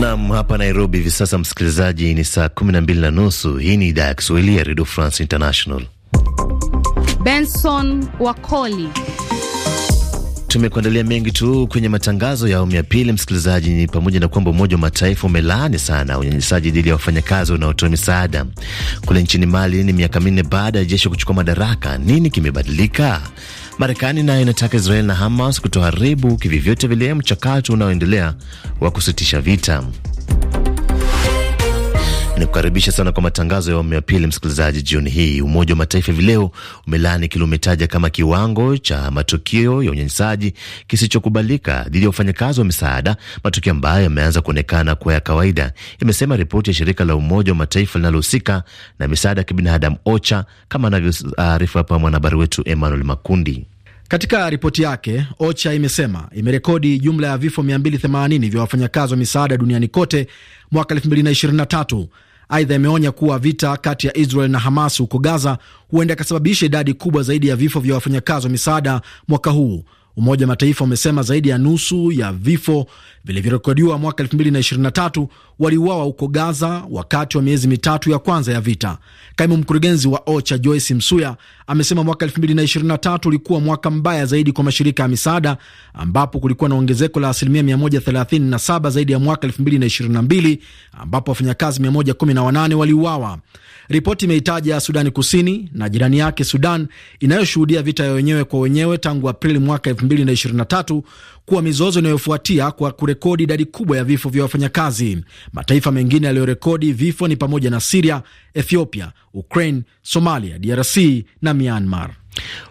Nam, hapa Nairobi hivi sasa, msikilizaji, ni saa kumi na mbili na nusu. Hii ni idhaa ya Kiswahili ya Redio France International. Benson Wakoli tumekuandalia mengi tu kwenye matangazo ya awamu ya pili. Msikilizaji, ni pamoja na kwamba Umoja wa Mataifa umelaani sana unyanyasaji dhidi ya wafanyakazi wanaotoa misaada kule nchini Mali. Ni miaka minne baada ya jeshi kuchukua madaraka, nini kimebadilika? Marekani nayo inataka Israel na Hamas kutoharibu kivivyote vile mchakato unaoendelea wa kusitisha vita kukaribisha sana kwa matangazo ya awamu ya pili, msikilizaji. Jioni hii Umoja wa Mataifa vileo umelaani kile umetaja kama kiwango cha matukio ya unyanyasaji kisichokubalika dhidi ya wafanyakazi wa misaada, matukio ambayo yameanza kuonekana kuwa ya kawaida, imesema ripoti ya shirika la Umoja wa Mataifa linalohusika na misaada ya kibinadamu OCHA, kama anavyoarifu hapa mwanahabari wetu Emmanuel Makundi. Katika ripoti yake OCHA imesema imerekodi jumla ya vifo 280 vya wafanyakazi wa misaada duniani kote mwaka 2023 Aidha, imeonya kuwa vita kati ya Israel na Hamas huko Gaza huenda ikasababisha idadi kubwa zaidi ya vifo vya wafanyakazi wa misaada mwaka huu. Umoja wa Mataifa umesema zaidi ya nusu ya vifo vilivyorekodiwa mwaka 2023 waliuawa huko Gaza wakati wa miezi mitatu ya kwanza ya vita. Kaimu mkurugenzi wa OCHA Joyce Msuya amesema mwaka 2023 ulikuwa mwaka mbaya zaidi kwa mashirika ya misaada, ambapo kulikuwa na ongezeko la asilimia 137 zaidi ya mwaka 2022 ambapo wafanyakazi 118 waliuawa. Ripoti imeitaja Sudani Kusini na jirani yake Sudan inayoshuhudia vita ya wenyewe kwa wenyewe tangu Aprili mwaka 2023 kuwa mizozo inayofuatia kwa kurekodi idadi kubwa ya vifo vya wafanyakazi. Mataifa mengine yaliyorekodi vifo ni pamoja na Siria, Ethiopia, Ukraine, Somalia, DRC na Myanmar.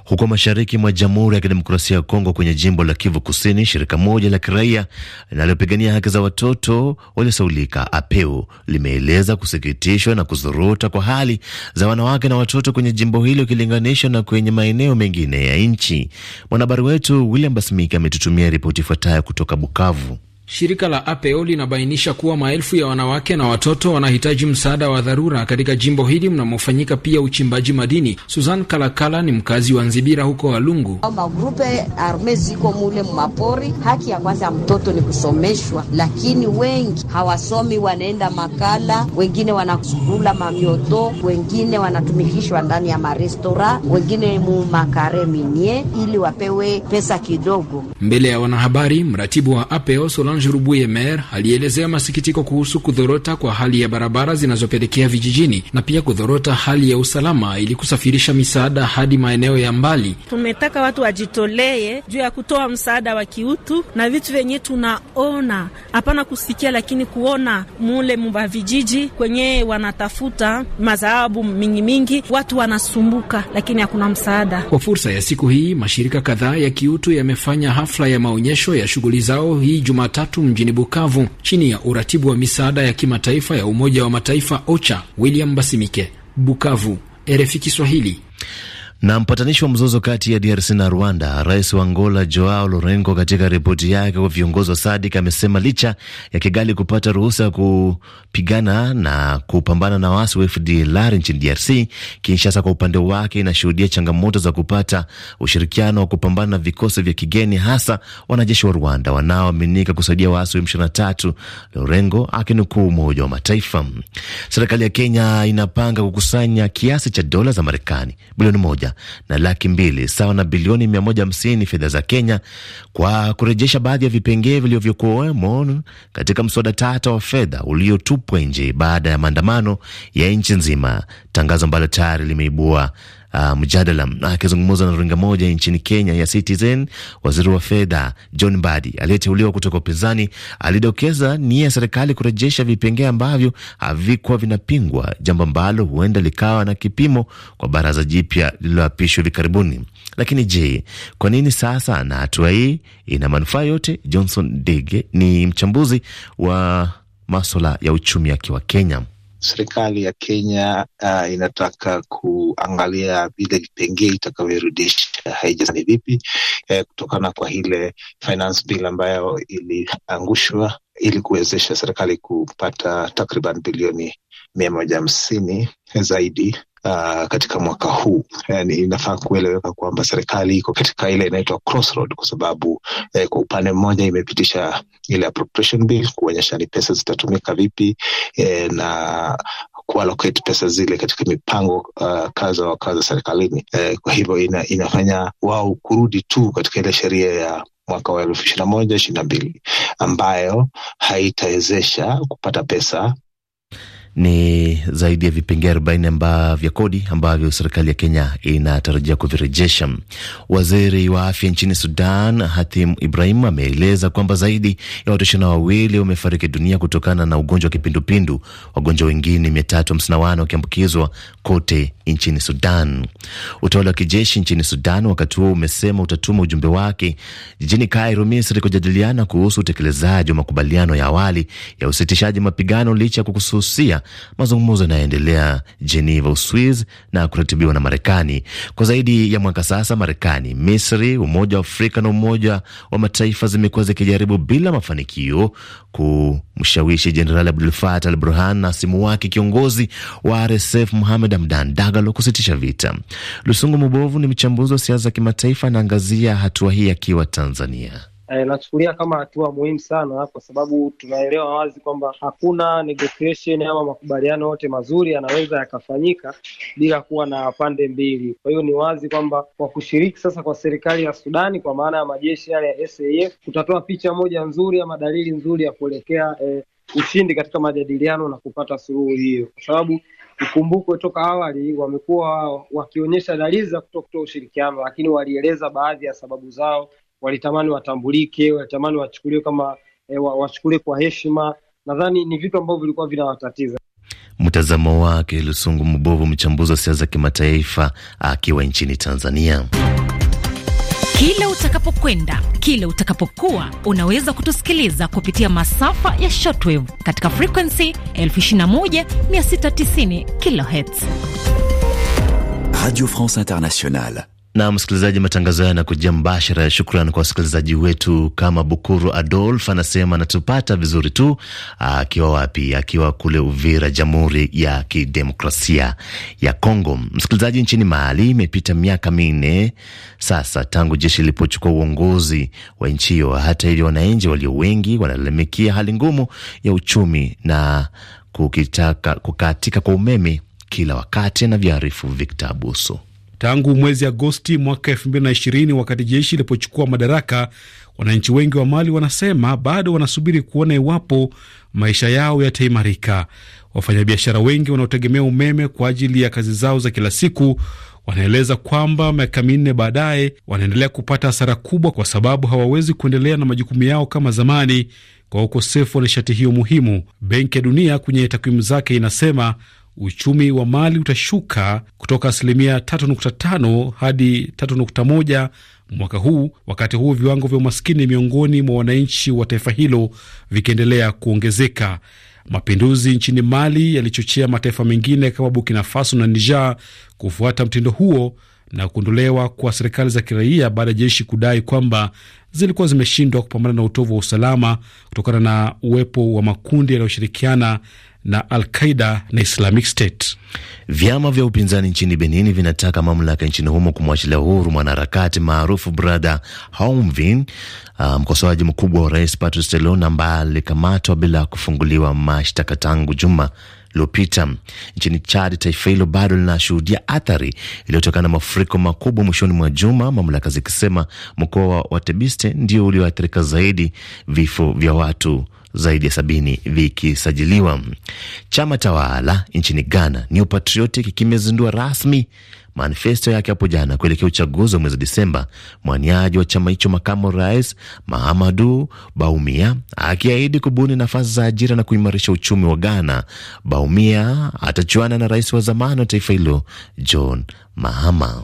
Huko mashariki mwa Jamhuri ya Kidemokrasia ya Kongo, kwenye jimbo la Kivu Kusini, shirika moja la kiraia linalopigania haki za watoto waliosaulika APEU limeeleza kusikitishwa na kuzorota kwa hali za wanawake na watoto kwenye jimbo hilo ikilinganishwa na kwenye maeneo mengine ya nchi. Mwanahabari wetu William basmik ametutumia ripoti ifuatayo kutoka Bukavu. Shirika la apo linabainisha kuwa maelfu ya wanawake na watoto wanahitaji msaada wa dharura katika jimbo hili mnamofanyika pia uchimbaji madini. Susan Kalakala ni mkazi wa Nzibira huko Walungu. Magrupe arme ziko mule mapori. Haki ya kwanza ya mtoto ni kusomeshwa, lakini wengi hawasomi, wanaenda makala, wengine wanasukula mamioto, wengine wanatumikishwa ndani ya marestora, wengine mu makare minie ili wapewe pesa kidogo. Mbele ya wanahabari, mratibu wa APO Solan Solange Rubuye Mer alielezea masikitiko kuhusu kudhorota kwa hali ya barabara zinazopelekea vijijini na pia kudhorota hali ya usalama ili kusafirisha misaada hadi maeneo ya mbali. Tumetaka watu wajitolee juu ya kutoa msaada wa kiutu na vitu vyenye tunaona, hapana kusikia, lakini kuona mule mba vijiji kwenye wanatafuta mazaabu mingi mingi, watu wanasumbuka, lakini hakuna msaada. Kwa fursa ya siku hii, mashirika kadhaa ya kiutu yamefanya hafla ya maonyesho ya shughuli zao hii Jumatatu tatu mjini Bukavu chini ya uratibu wa misaada ya kimataifa ya Umoja wa Mataifa OCHA. William Basimike, Bukavu, RFI Kiswahili. Na mpatanishi wa mzozo kati ya DRC na Rwanda, rais wa Angola Joao Lourenco, katika ripoti yake kwa viongozi wa SADIK amesema licha ya Kigali kupata ruhusa ya kupigana na kupambana na waasi wa FDLR nchini DRC, Kinshasa kwa upande wake inashuhudia changamoto za kupata ushirikiano wa kupambana na vikosi vya kigeni, hasa wanajeshi wa Rwanda wanaoaminika kusaidia waasi wa M23, Lourenco akinukuu Umoja wa Mataifa. Serikali ya Kenya inapanga kukusanya kiasi cha dola za Marekani bilioni moja moja na laki mbili sawa na bilioni 150 fedha za Kenya kwa kurejesha baadhi ya vipengee vilivyokuwemo katika mswada tata wa fedha uliotupwa nje baada ya maandamano ya nchi nzima, tangazo ambalo tayari limeibua uh, mjadala. Akizungumza na runinga moja nchini Kenya ya Citizen, waziri wa fedha John Mbadi aliyeteuliwa kutoka upinzani alidokeza nia ya serikali kurejesha vipengee ambavyo havikuwa vinapingwa, jambo ambalo huenda likawa na kipimo kwa baraza jipya lililoapishwa hivi karibuni. Lakini je, kwa nini sasa na hatua hii ina manufaa yote? Johnson Dege ni mchambuzi wa maswala ya uchumi akiwa Kenya serikali ya Kenya uh, inataka kuangalia vile vipengee itakavyorudisha haijasani vipi eh, kutokana kwa ile finance bill ambayo iliangushwa ili kuwezesha serikali kupata takriban bilioni mia moja hamsini zaidi uh, katika mwaka huu. Yani, inafaa kueleweka kwamba serikali iko katika ile inaitwa crossroad, kwa sababu eh, kwa upande mmoja imepitisha ile appropriation bill kuonyesha ni pesa zitatumika vipi eh, na kuallocate pesa zile katika mipango uh, kaza wa kaza serikalini eh, kwa hivyo ina, inafanya wao kurudi tu katika ile sheria ya mwaka wa elfu ishirini na moja ishirini na mbili ambayo haitawezesha kupata pesa ni zaidi ya vipengee arobaini vya kodi ambavyo serikali ya Kenya inatarajia kuvirejesha. Waziri wa afya nchini Sudan, Hatim Ibrahim, ameeleza kwamba zaidi ya watu ishirini na wawili wamefariki dunia kutokana na ugonjwa wa kipindupindu, wagonjwa wengine wane wakiambukizwa kote nchini Sudan. Utawala wa kijeshi nchini Sudan wakati huo umesema utatuma ujumbe wake jijini Kairo, Misri, kujadiliana kuhusu utekelezaji wa makubaliano ya awali ya usitishaji mapigano licha ya kukususia Mazungumzo yanayoendelea Geneva, Uswiz, na kuratibiwa na Marekani kwa zaidi ya mwaka sasa. Marekani, Misri, Umoja wa Afrika na Umoja wa Mataifa zimekuwa zikijaribu bila mafanikio kumshawishi Jenerali Abdul Fatah al Burhan na simu wake kiongozi wa RSF Muhamed Hamdan Dagalo kusitisha vita. Lusungu Mubovu ni mchambuzi wa siasa za kimataifa, anaangazia hatua hii akiwa Tanzania eh, nachukulia kama hatua muhimu sana, kwa sababu tunaelewa wazi kwamba hakuna negotiation ama makubaliano yote mazuri yanaweza yakafanyika bila kuwa na pande mbili. Kwa hiyo ni wazi kwamba kwa kushiriki sasa kwa serikali ya Sudani kwa maana ya majeshi yale ya SAF kutatoa picha moja nzuri ama dalili nzuri ya kuelekea eh, ushindi katika majadiliano na kupata suluhu hiyo, kwa sababu ikumbukwe, toka awali wamekuwa wakionyesha dalili za kutokutoa ushirikiano, lakini walieleza baadhi ya sababu zao walitamani watambulike, walitamani wachukuliwe kama e, wachukuliwe kwa heshima. Nadhani ni vitu ambavyo vilikuwa vinawatatiza. Mtazamo wake Lusungu Mbovu, mchambuzi wa siasa za kimataifa akiwa nchini Tanzania. Kila utakapokwenda, kila utakapokuwa, unaweza kutusikiliza kupitia masafa ya shortwave katika frequency 21690 kilohertz. Radio France Internationale. Na msikilizaji, matangazo haya yanakujia mbashara. Shukran kwa wasikilizaji wetu, kama Bukuru Adolf anasema anatupata vizuri tu, akiwa wapi? Akiwa kule Uvira, Jamhuri ya Kidemokrasia ya Kongo. Msikilizaji, nchini Mali imepita miaka minne sasa tangu jeshi lilipochukua uongozi wa nchi hiyo. Hata hivyo, wananchi walio wengi wanalalamikia hali ngumu ya uchumi na kukitaka kukatika kwa umeme kila wakati, anavyoarifu Victor Abuso. Tangu mwezi Agosti mwaka 2020 wakati jeshi lilipochukua madaraka, wananchi wengi wa Mali wanasema bado wanasubiri kuona iwapo maisha yao yataimarika. Wafanyabiashara wengi wanaotegemea umeme kwa ajili ya kazi zao za kila siku wanaeleza kwamba miaka minne baadaye wanaendelea kupata hasara kubwa, kwa sababu hawawezi kuendelea na majukumu yao kama zamani kwa ukosefu wa nishati hiyo muhimu. Benki ya Dunia kwenye takwimu zake inasema uchumi wa Mali utashuka kutoka asilimia 3.5 hadi 3.1 mwaka huu, wakati huu viwango vya umaskini miongoni mwa wananchi wa taifa hilo vikiendelea kuongezeka. Mapinduzi nchini Mali yalichochea mataifa mengine kama Burkina Faso na Niger kufuata mtindo huo na kuondolewa kwa serikali za kiraia baada ya jeshi kudai kwamba zilikuwa zimeshindwa kupambana na utovu wa usalama kutokana na uwepo wa makundi yanayoshirikiana na Alqaida na Islamic State. Vyama vya upinzani nchini Benini vinataka mamlaka nchini humo kumwachilia huru mwanaharakati maarufu Brada Haumvin, ah, mkosoaji um, mkubwa wa rais Patrice Talon ambaye alikamatwa bila kufunguliwa mashtaka tangu juma iliyopita. Nchini Chad, taifa hilo bado linashuhudia athari iliyotokana na mafuriko makubwa mwishoni mwa juma, mamlaka zikisema mkoa wa Tebiste ndio ulioathirika zaidi, vifo vya watu zaidi ya sabini vikisajiliwa. Chama tawala nchini Ghana New Patriotic kimezindua rasmi manifesto yake hapo jana kuelekea uchaguzi wa mwezi Disemba, mwaniaji wa chama hicho makamu rais Mahamadu Baumia akiahidi kubuni nafasi za ajira na kuimarisha uchumi wa Ghana. Baumia atachuana na rais wa zamani wa taifa hilo John Mahama.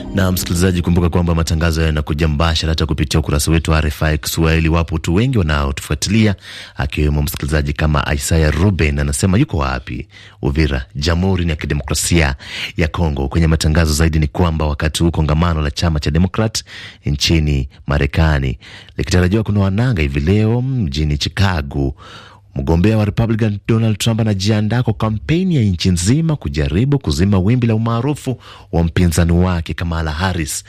Na msikilizaji, kumbuka kwamba matangazo hayo yanakuja mbashara hata kupitia ukurasa wetu wa RFI Kiswahili. Wapo watu wengi wanaotufuatilia akiwemo msikilizaji kama Isaya Ruben, anasema yuko wapi? Uvira, Jamhuri ya Kidemokrasia ya Kongo. Kwenye matangazo zaidi ni kwamba wakati huu kongamano la chama cha Demokrat nchini Marekani likitarajiwa kunoananga hivi leo mjini Chicago Mgombea wa Republican Donald Trump anajiandaa kwa kampeni ya nchi nzima kujaribu kuzima wimbi la umaarufu wa mpinzani wake Kamala Harris.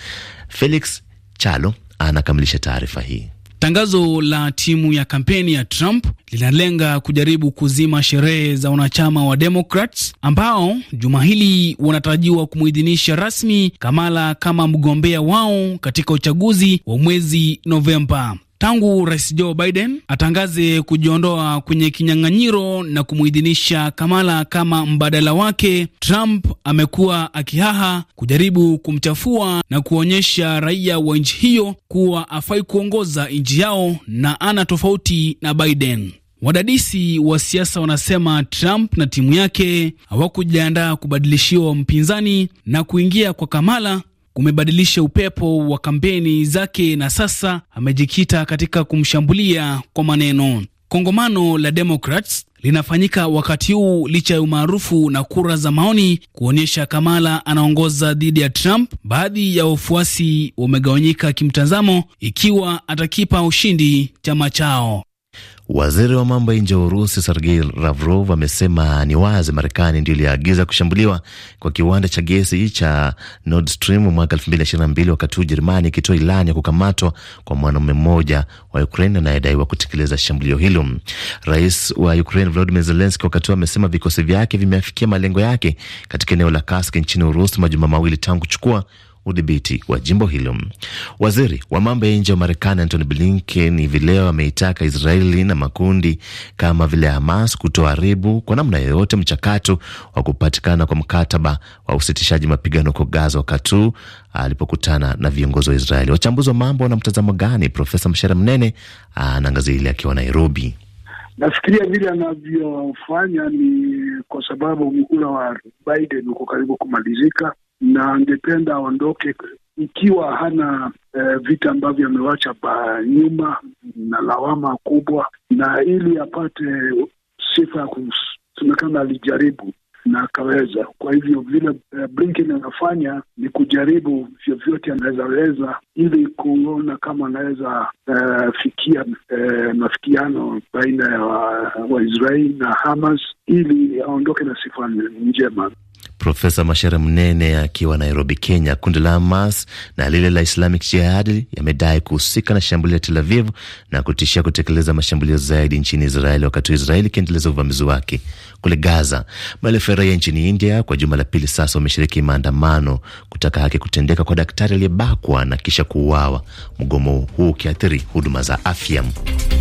Felix Chalo anakamilisha taarifa hii. Tangazo la timu ya kampeni ya Trump linalenga kujaribu kuzima sherehe za wanachama wa Democrats ambao juma hili wanatarajiwa kumwidhinisha rasmi Kamala kama mgombea wao katika uchaguzi wa mwezi Novemba tangu Rais Joe Biden atangaze kujiondoa kwenye kinyang'anyiro na kumuidhinisha Kamala kama mbadala wake, Trump amekuwa akihaha kujaribu kumchafua na kuonyesha raia wa nchi hiyo kuwa afai kuongoza nchi yao na ana tofauti na Biden. Wadadisi wa siasa wanasema Trump na timu yake hawakujiandaa kubadilishiwa mpinzani na kuingia kwa Kamala kumebadilisha upepo wa kampeni zake na sasa amejikita katika kumshambulia kwa maneno. Kongamano la Democrats linafanyika wakati huu licha ya umaarufu na kura za maoni kuonyesha Kamala anaongoza dhidi ya Trump. Baadhi ya wafuasi wamegawanyika kimtazamo ikiwa atakipa ushindi chama chao. Waziri wa mambo ya nje wa Urusi Sergei Lavrov amesema ni wazi Marekani ndio iliagiza kushambuliwa kwa kiwanda cha gesi cha Nord Stream mwaka 2022 wakati huu Ujerumani ikitoa ilani ya kukamatwa kwa mwanaume mmoja wa Ukraine anayedaiwa kutekeleza shambulio hilo. Rais wa Ukraine Volodymyr Zelensky wakati huu amesema vikosi vyake vimeafikia malengo yake katika eneo la Kursk nchini Urusi majuma mawili tangu kuchukua udhibiti wa jimbo hilo. Waziri wa mambo ya nje wa Marekani Antony Blinken hivi leo ameitaka Israeli na makundi kama vile Hamas kutoharibu kwa namna yoyote mchakato wa kupatikana kwa mkataba wa usitishaji mapigano huko Gaza, wakati alipokutana na viongozi wa Israeli. Wachambuzi wa mambo wana mtazamo gani? Profesa Mshera Mnene anaangazia ile akiwa Nairobi. Nafikiria vile anavyofanya ni kwa sababu muhula wa Biden uko karibu kumalizika na angependa aondoke ikiwa hana eh, vita ambavyo amewacha nyuma na lawama kubwa, na ili apate sifa ya kusemekana alijaribu na akaweza. Kwa hivyo vile eh, Blinken anafanya ni kujaribu vyovyote anawezaweza, ili kuona kama anaweza eh, fikia eh, mafikiano baina ya Waisraeli na Hamas ili aondoke na sifa njema. Profesa Mashere Mnene akiwa Nairobi, Kenya. Kundi la Hamas na lile la Islamic Jihad yamedai kuhusika na shambulio la Tel Aviv na kutishia kutekeleza mashambulio zaidi nchini Israeli, wakati wa Israeli ikiendeleza uvamizi wake kule Gaza. Maelfu ya raia nchini India kwa juma la pili sasa wameshiriki maandamano kutaka haki kutendeka kwa daktari aliyebakwa na kisha kuuawa, mgomo huu ukiathiri huduma za afya.